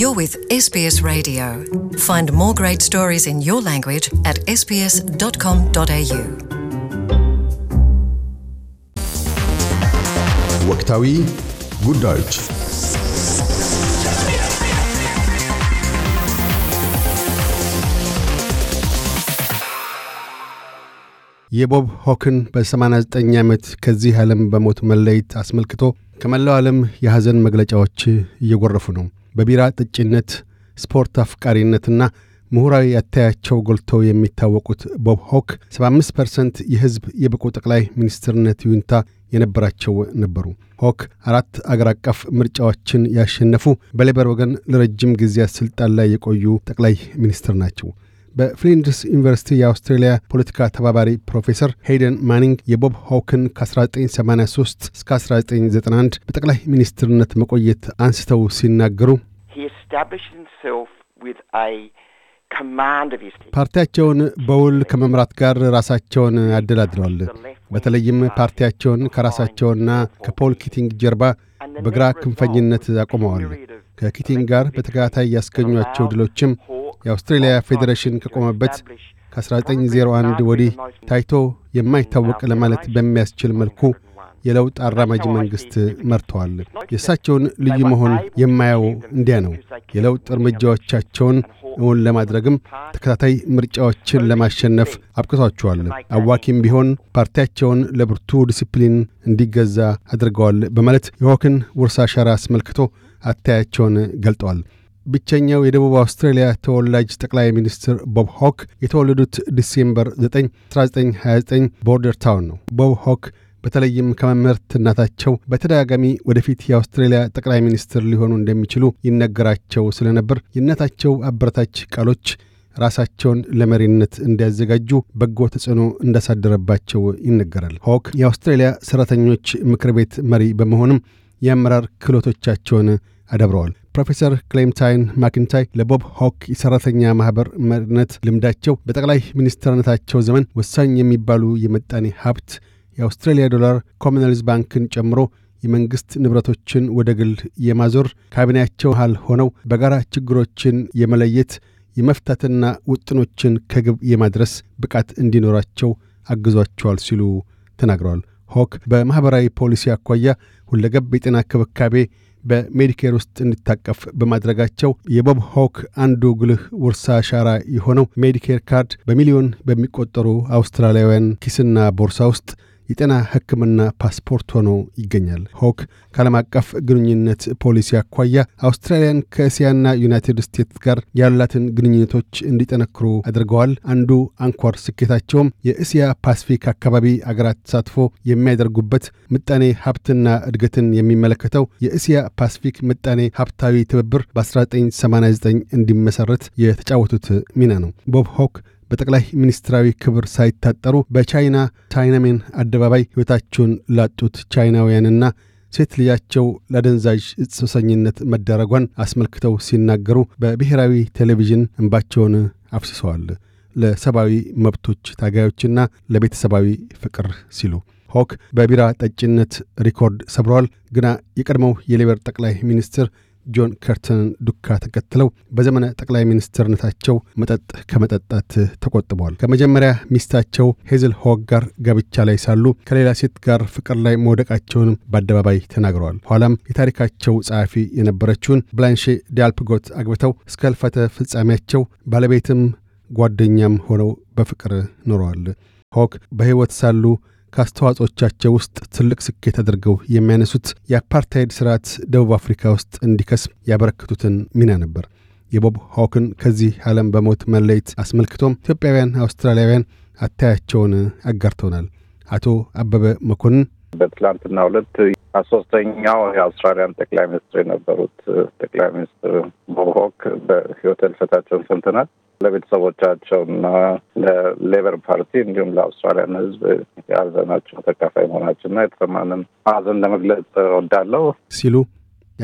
You're with SBS Radio. Find more great stories in your language at sbs.com.au. ወቅታዊ ጉዳዮች የቦብ ሆክን በ89 ዓመት ከዚህ ዓለም በሞት መለየት አስመልክቶ ከመላው ዓለም የሐዘን መግለጫዎች እየጎረፉ ነው። በቢራ ጥጭነት ስፖርት አፍቃሪነትና ምሁራዊ አታያቸው ጎልተው የሚታወቁት ቦብ ሆክ 75 ፐርሰንት የሕዝብ የብቁ ጠቅላይ ሚኒስትርነት ይሁንታ የነበራቸው ነበሩ። ሆክ አራት አገር አቀፍ ምርጫዎችን ያሸነፉ፣ በሌበር ወገን ለረጅም ጊዜያት ስልጣን ላይ የቆዩ ጠቅላይ ሚኒስትር ናቸው። በፍሊንድርስ ዩኒቨርሲቲ የአውስትሬልያ ፖለቲካ ተባባሪ ፕሮፌሰር ሄይደን ማኒንግ የቦብ ሆክን ከ1983 እስከ 1991 በጠቅላይ ሚኒስትርነት መቆየት አንስተው ሲናገሩ ፓርቲያቸውን በውል ከመምራት ጋር ራሳቸውን አደላድለዋል። በተለይም ፓርቲያቸውን ከራሳቸውና ከፖል ኪቲንግ ጀርባ በግራ ክንፈኝነት አቁመዋል። ከኪቲንግ ጋር በተከታታይ ያስገኟቸው ድሎችም የአውስትሬልያ ፌዴሬሽን ከቆመበት ከ1901 ወዲህ ታይቶ የማይታወቅ ለማለት በሚያስችል መልኩ የለውጥ አራማጅ መንግስት መርተዋል። የእሳቸውን ልዩ መሆን የማየው እንዲያ ነው። የለውጥ እርምጃዎቻቸውን እውን ለማድረግም ተከታታይ ምርጫዎችን ለማሸነፍ አብቅቷቸዋል። አዋኪም ቢሆን ፓርቲያቸውን ለብርቱ ዲሲፕሊን እንዲገዛ አድርገዋል በማለት የሆክን ውርሳ አሻራ አስመልክቶ አታያቸውን ገልጠዋል። ብቸኛው የደቡብ አውስትራሊያ ተወላጅ ጠቅላይ ሚኒስትር ቦብ ሆክ የተወለዱት ዲሴምበር 9 1929 ቦርደር ታውን ነው። ቦብ ሆክ በተለይም ከመምህርትናታቸው በተደጋጋሚ ወደፊት የአውስትሬልያ ጠቅላይ ሚኒስትር ሊሆኑ እንደሚችሉ ይነገራቸው ስለነበር የእናታቸው አበረታች ቃሎች ራሳቸውን ለመሪነት እንዲያዘጋጁ በጎ ተጽዕኖ እንዳሳደረባቸው ይነገራል። ሆክ የአውስትሬልያ ሠራተኞች ምክር ቤት መሪ በመሆንም የአመራር ክህሎቶቻቸውን አደብረዋል። ፕሮፌሰር ክሌምታይን ማኪንታይ ለቦብ ሆክ የሠራተኛ ማኅበር መሪነት ልምዳቸው በጠቅላይ ሚኒስትርነታቸው ዘመን ወሳኝ የሚባሉ የመጣኔ ሀብት የአውስትራሊያ ዶላር ኮመንዌልዝ ባንክን ጨምሮ የመንግሥት ንብረቶችን ወደ ግል የማዞር ካቢኔያቸው ሃል ሆነው በጋራ ችግሮችን የመለየት የመፍታትና ውጥኖችን ከግብ የማድረስ ብቃት እንዲኖራቸው አግዟቸዋል ሲሉ ተናግረዋል። ሆክ በማኅበራዊ ፖሊሲ አኳያ ሁለገብ የጤና ክብካቤ በሜዲኬር ውስጥ እንዲታቀፍ በማድረጋቸው የቦብ ሆክ አንዱ ጉልህ ውርሳ አሻራ የሆነው ሜዲኬር ካርድ በሚሊዮን በሚቆጠሩ አውስትራሊያውያን ኪስና ቦርሳ ውስጥ የጤና ሕክምና ፓስፖርት ሆኖ ይገኛል። ሆክ ከዓለም አቀፍ ግንኙነት ፖሊሲ አኳያ አውስትራሊያን ከእስያና ዩናይትድ ስቴትስ ጋር ያላትን ግንኙነቶች እንዲጠነክሩ አድርገዋል። አንዱ አንኳር ስኬታቸውም የእስያ ፓስፊክ አካባቢ አገራት ተሳትፎ የሚያደርጉበት ምጣኔ ሀብትና እድገትን የሚመለከተው የእስያ ፓስፊክ ምጣኔ ሀብታዊ ትብብር በ1989 እንዲመሰረት የተጫወቱት ሚና ነው። ቦብ ሆክ በጠቅላይ ሚኒስትራዊ ክብር ሳይታጠሩ በቻይና ቻይናሜን አደባባይ ሕይወታቸውን ላጡት ቻይናውያንና ሴት ልጃቸው ለደንዛዥ እጽሰኝነት መደረጓን አስመልክተው ሲናገሩ በብሔራዊ ቴሌቪዥን እንባቸውን አፍስሰዋል። ለሰብአዊ መብቶች ታጋዮችና ለቤተሰባዊ ፍቅር ሲሉ ሆክ በቢራ ጠጭነት ሪኮርድ ሰብረዋል። ግና የቀድሞው የሌበር ጠቅላይ ሚኒስትር ጆን ከርተንን ዱካ ተከትለው በዘመነ ጠቅላይ ሚኒስትርነታቸው መጠጥ ከመጠጣት ተቆጥበዋል። ከመጀመሪያ ሚስታቸው ሄዝል ሆግ ጋር ጋብቻ ላይ ሳሉ ከሌላ ሴት ጋር ፍቅር ላይ መውደቃቸውንም በአደባባይ ተናግረዋል። ኋላም የታሪካቸው ጸሐፊ የነበረችውን ብላንሼ ዲያልፕጎት አግብተው እስከ ፍጻሜያቸው ባለቤትም ጓደኛም ሆነው በፍቅር ኖረዋል። ሆክ በሕይወት ሳሉ ከአስተዋጽኦቻቸው ውስጥ ትልቅ ስኬት አድርገው የሚያነሱት የአፓርታይድ ስርዓት ደቡብ አፍሪካ ውስጥ እንዲከስም ያበረክቱትን ሚና ነበር። የቦብ ሆክን ከዚህ ዓለም በሞት መለየት አስመልክቶም ኢትዮጵያውያን አውስትራሊያውያን አታያቸውን አጋርተውናል። አቶ አበበ መኮንን በትላንትና ሁለት ሶስተኛው የአውስትራሊያን ጠቅላይ ሚኒስትር የነበሩት ጠቅላይ ሚኒስትር ቦብ ሆክ በሕይወት ሕልፈታቸውን ሰምተናል። ለቤተሰቦቻቸው ለቤተሰቦቻቸውና ለሌበር ፓርቲ እንዲሁም ለአውስትራሊያን ህዝብ የሀዘናቸው ተካፋይ መሆናችን መሆናችንና የተሰማንን ሀዘን ለመግለጽ ወዳለው ሲሉ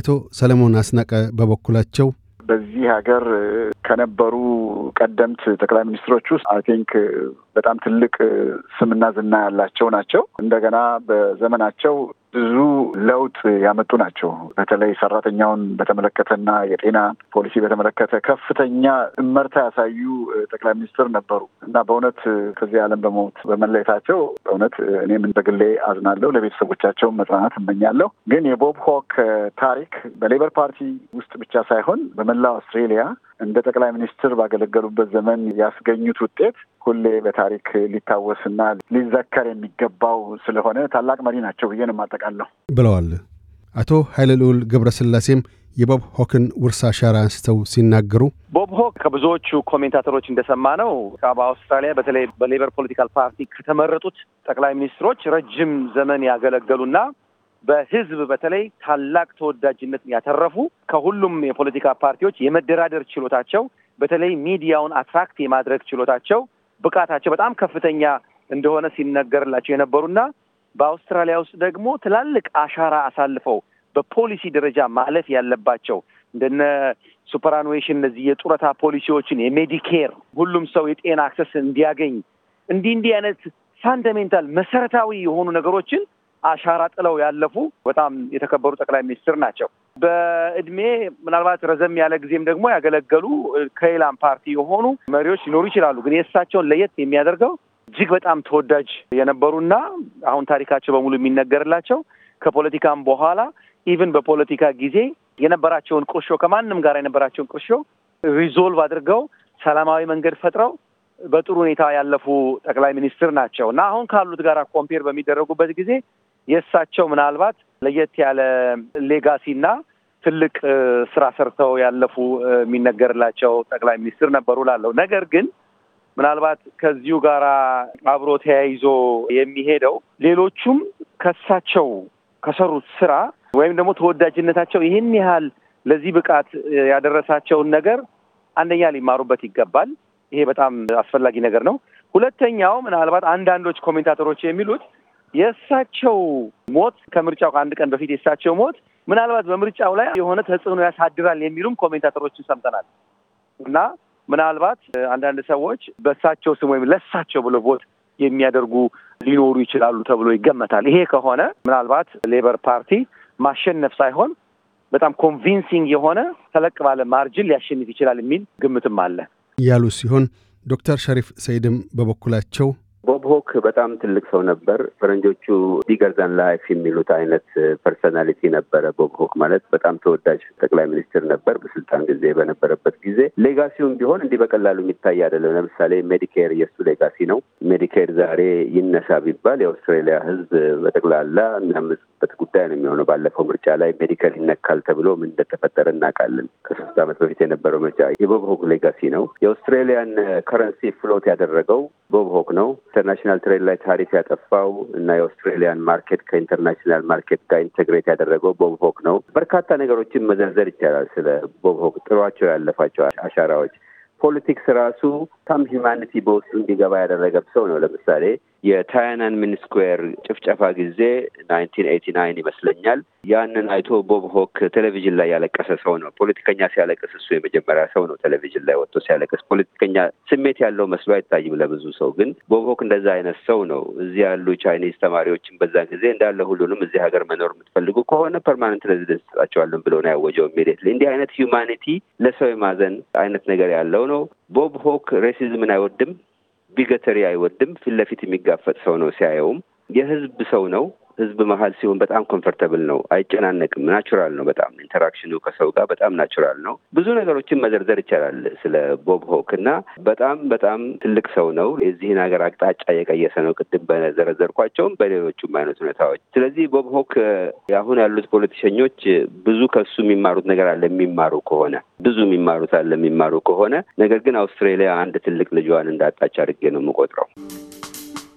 አቶ ሰለሞን አስናቀ በበኩላቸው በዚህ ሀገር ከነበሩ ቀደምት ጠቅላይ ሚኒስትሮች ውስጥ አይ ቲንክ በጣም ትልቅ ስምና ዝና ያላቸው ናቸው። እንደገና በዘመናቸው ብዙ ለውጥ ያመጡ ናቸው። በተለይ ሰራተኛውን በተመለከተና የጤና ፖሊሲ በተመለከተ ከፍተኛ እመርታ ያሳዩ ጠቅላይ ሚኒስትር ነበሩ እና በእውነት ከዚህ ዓለም በሞት በመለየታቸው በእውነት እኔም በግሌ አዝናለሁ። ለቤተሰቦቻቸው መጽናናት እመኛለሁ። ግን የቦብ ሆክ ታሪክ በሌበር ፓርቲ ውስጥ ብቻ ሳይሆን በመላው አውስትሬሊያ እንደ ጠቅላይ ሚኒስትር ባገለገሉበት ዘመን ያስገኙት ውጤት ሁሌ በታሪክ ሊታወስና ሊዘከር የሚገባው ስለሆነ ታላቅ መሪ ናቸው ብዬ ነው የማጠቃለው ብለዋል። አቶ ኃይለ ልዑል ገብረስላሴም የቦብ ሆክን ውርሳ አሻራ አንስተው ሲናገሩ ቦብ ሆክ ከብዙዎቹ ኮሜንታተሮች እንደሰማ ነው በአውስትራሊያ በተለይ በሌበር ፖለቲካል ፓርቲ ከተመረጡት ጠቅላይ ሚኒስትሮች ረጅም ዘመን ያገለገሉና በህዝብ በተለይ ታላቅ ተወዳጅነትን ያተረፉ ከሁሉም የፖለቲካ ፓርቲዎች የመደራደር ችሎታቸው፣ በተለይ ሚዲያውን አትራክት የማድረግ ችሎታቸው፣ ብቃታቸው በጣም ከፍተኛ እንደሆነ ሲነገርላቸው የነበሩና በአውስትራሊያ ውስጥ ደግሞ ትላልቅ አሻራ አሳልፈው በፖሊሲ ደረጃ ማለፍ ያለባቸው እንደነ ሱፐራኑዌሽን እነዚህ የጡረታ ፖሊሲዎችን የሜዲኬር ሁሉም ሰው የጤና አክሰስ እንዲያገኝ እንዲህ እንዲህ አይነት ፋንዳሜንታል መሰረታዊ የሆኑ ነገሮችን አሻራ ጥለው ያለፉ በጣም የተከበሩ ጠቅላይ ሚኒስትር ናቸው። በእድሜ ምናልባት ረዘም ያለ ጊዜም ደግሞ ያገለገሉ ከሌላም ፓርቲ የሆኑ መሪዎች ሊኖሩ ይችላሉ። ግን የእሳቸውን ለየት የሚያደርገው እጅግ በጣም ተወዳጅ የነበሩና አሁን ታሪካቸው በሙሉ የሚነገርላቸው ከፖለቲካም በኋላ ኢቭን በፖለቲካ ጊዜ የነበራቸውን ቁርሾ ከማንም ጋር የነበራቸውን ቁርሾ ሪዞልቭ አድርገው ሰላማዊ መንገድ ፈጥረው በጥሩ ሁኔታ ያለፉ ጠቅላይ ሚኒስትር ናቸው እና አሁን ካሉት ጋር ኮምፔር በሚደረጉበት ጊዜ የእሳቸው ምናልባት ለየት ያለ ሌጋሲና ትልቅ ስራ ሰርተው ያለፉ የሚነገርላቸው ጠቅላይ ሚኒስትር ነበሩ ላለው ነገር ግን ምናልባት ከዚሁ ጋር አብሮ ተያይዞ የሚሄደው ሌሎቹም ከሳቸው ከሰሩት ስራ ወይም ደግሞ ተወዳጅነታቸው ይህን ያህል ለዚህ ብቃት ያደረሳቸውን ነገር አንደኛ ሊማሩበት ይገባል። ይሄ በጣም አስፈላጊ ነገር ነው። ሁለተኛው ምናልባት አንዳንዶች ኮሜንታተሮች የሚሉት የእሳቸው ሞት ከምርጫው ከአንድ ቀን በፊት የእሳቸው ሞት ምናልባት በምርጫው ላይ የሆነ ተጽዕኖ ያሳድራል የሚሉም ኮሜንታተሮችን ሰምተናል እና ምናልባት አንዳንድ ሰዎች በእሳቸው ስም ወይም ለእሳቸው ብሎ ቦት የሚያደርጉ ሊኖሩ ይችላሉ ተብሎ ይገመታል። ይሄ ከሆነ ምናልባት ሌበር ፓርቲ ማሸነፍ ሳይሆን በጣም ኮንቪንሲንግ የሆነ ተለቅ ባለ ማርጅን ሊያሸንፍ ይችላል የሚል ግምትም አለ ያሉ ሲሆን ዶክተር ሸሪፍ ሰይድም በበኩላቸው ቦብ ሆክ በጣም ትልቅ ሰው ነበር። ፈረንጆቹ ቢገር ላይፍ የሚሉት አይነት ፐርሰናሊቲ ነበረ። ቦብ ሆክ ማለት በጣም ተወዳጅ ጠቅላይ ሚኒስትር ነበር በስልጣን ጊዜ በነበረበት ጊዜ። ሌጋሲውም ቢሆን እንዲህ በቀላሉ የሚታይ አይደለም። ለምሳሌ ሜዲኬር የእሱ ሌጋሲ ነው። ሜዲኬር ዛሬ ይነሳ ቢባል የአውስትራሊያ ሕዝብ በጠቅላላ የሚያምጽበት ጉዳይ ነው የሚሆነው። ባለፈው ምርጫ ላይ ሜዲኬር ይነካል ተብሎ ምን እንደተፈጠረ እናውቃለን። ከሶስት ዓመት በፊት የነበረው ምርጫ የቦብ ሆክ ሌጋሲ ነው። የአውስትሬሊያን ከረንሲ ፍሎት ያደረገው ቦብ ሆክ ነው ኢንተርናሽናል ትሬድ ላይ ታሪፍ ያጠፋው እና የአውስትሬሊያን ማርኬት ከኢንተርናሽናል ማርኬት ጋር ኢንተግሬት ያደረገው ቦብ ሆክ ነው። በርካታ ነገሮችን መዘርዘር ይቻላል ስለ ቦብ ሆክ ጥሯቸው ያለፋቸው አሻራዎች። ፖለቲክስ ራሱ ታም ሂማኒቲ በውስጡ እንዲገባ ያደረገ ሰው ነው። ለምሳሌ የታያናን ሚኒስኩዌር ጭፍጨፋ ጊዜ ናይንቲን ኤቲ ናይን ይመስለኛል። ያንን አይቶ ቦብ ሆክ ቴሌቪዥን ላይ ያለቀሰ ሰው ነው። ፖለቲከኛ ሲያለቅስ እሱ የመጀመሪያ ሰው ነው። ቴሌቪዥን ላይ ወጥቶ ሲያለቅስ ፖለቲከኛ ስሜት ያለው መስሎ አይታይም ለብዙ ሰው። ግን ቦብ ሆክ እንደዛ አይነት ሰው ነው። እዚህ ያሉ ቻይኒዝ ተማሪዎችን በዛ ጊዜ እንዳለ ሁሉንም እዚህ ሀገር መኖር የምትፈልጉ ከሆነ ፐርማነንት ሬዚደንስ ሰጣቸዋለን ብሎ ነው ያወጀው። ኢሚዲየትሊ እንዲህ አይነት ሁማኒቲ ለሰው የማዘን አይነት ነገር ያለው ነው። ቦብ ሆክ ሬሲዝምን አይወድም። ቢገተሪ አይወድም። ፊት ለፊት የሚጋፈጥ ሰው ነው ሲያየውም የህዝብ ሰው ነው ህዝብ መሀል ሲሆን በጣም ኮንፈርተብል ነው፣ አይጨናነቅም። ናቹራል ነው። በጣም ኢንተራክሽኑ ከሰው ጋር በጣም ናቹራል ነው። ብዙ ነገሮችን መዘርዘር ይቻላል ስለ ቦብ ሆክ እና በጣም በጣም ትልቅ ሰው ነው። የዚህን ሀገር አቅጣጫ የቀየሰ ነው። ቅድም በዘረዘርኳቸውም በሌሎቹም አይነት ሁኔታዎች። ስለዚህ ቦብ ሆክ አሁን ያሉት ፖለቲሸኞች ብዙ ከሱ የሚማሩት ነገር አለ የሚማሩ ከሆነ ብዙ የሚማሩት አለ የሚማሩ ከሆነ ነገር ግን አውስትሬሊያ አንድ ትልቅ ልጇን እንዳጣች አድርጌ ነው የምቆጥረው።